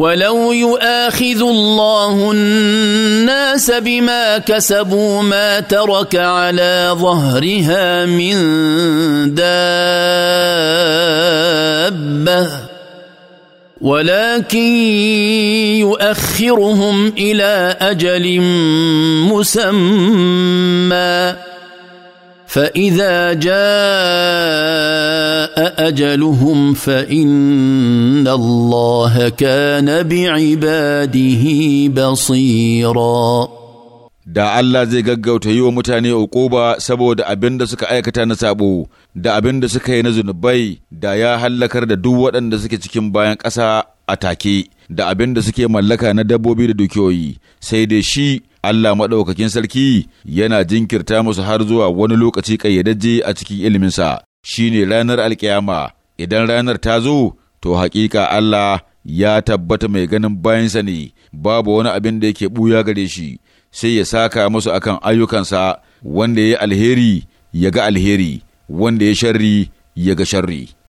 ولو يؤاخذ الله الناس بما كسبوا ما ترك على ظهرها من دابه ولكن يؤخرهم الى اجل مسمى فاذا جاء اجلهم فان الله كان بعباده بصيرا da Allah zai gaggauta yi wa mutane uquba saboda abin da suka aikata na sabo da abin da suka yi na zunubai da ya hallakar da duk waɗanda suke cikin bayan ƙasa a take da abin da suke mallaka na dabbobi da dukiyoyi sai dai shi Allah maɗaukakin sarki yana jinkirta musu har zuwa wani lokaci ƙayyadajje a cikin iliminsa, shi ne ranar alkiyama, idan ranar ta zo, to haƙiƙa Allah ya tabbata mai ganin bayansa ne, babu wani abin da yake ɓuya gare shi, sai ya saka musu akan ayyukansa wanda ya alheri ya ga alheri, wanda ya sharri ya ga sharri.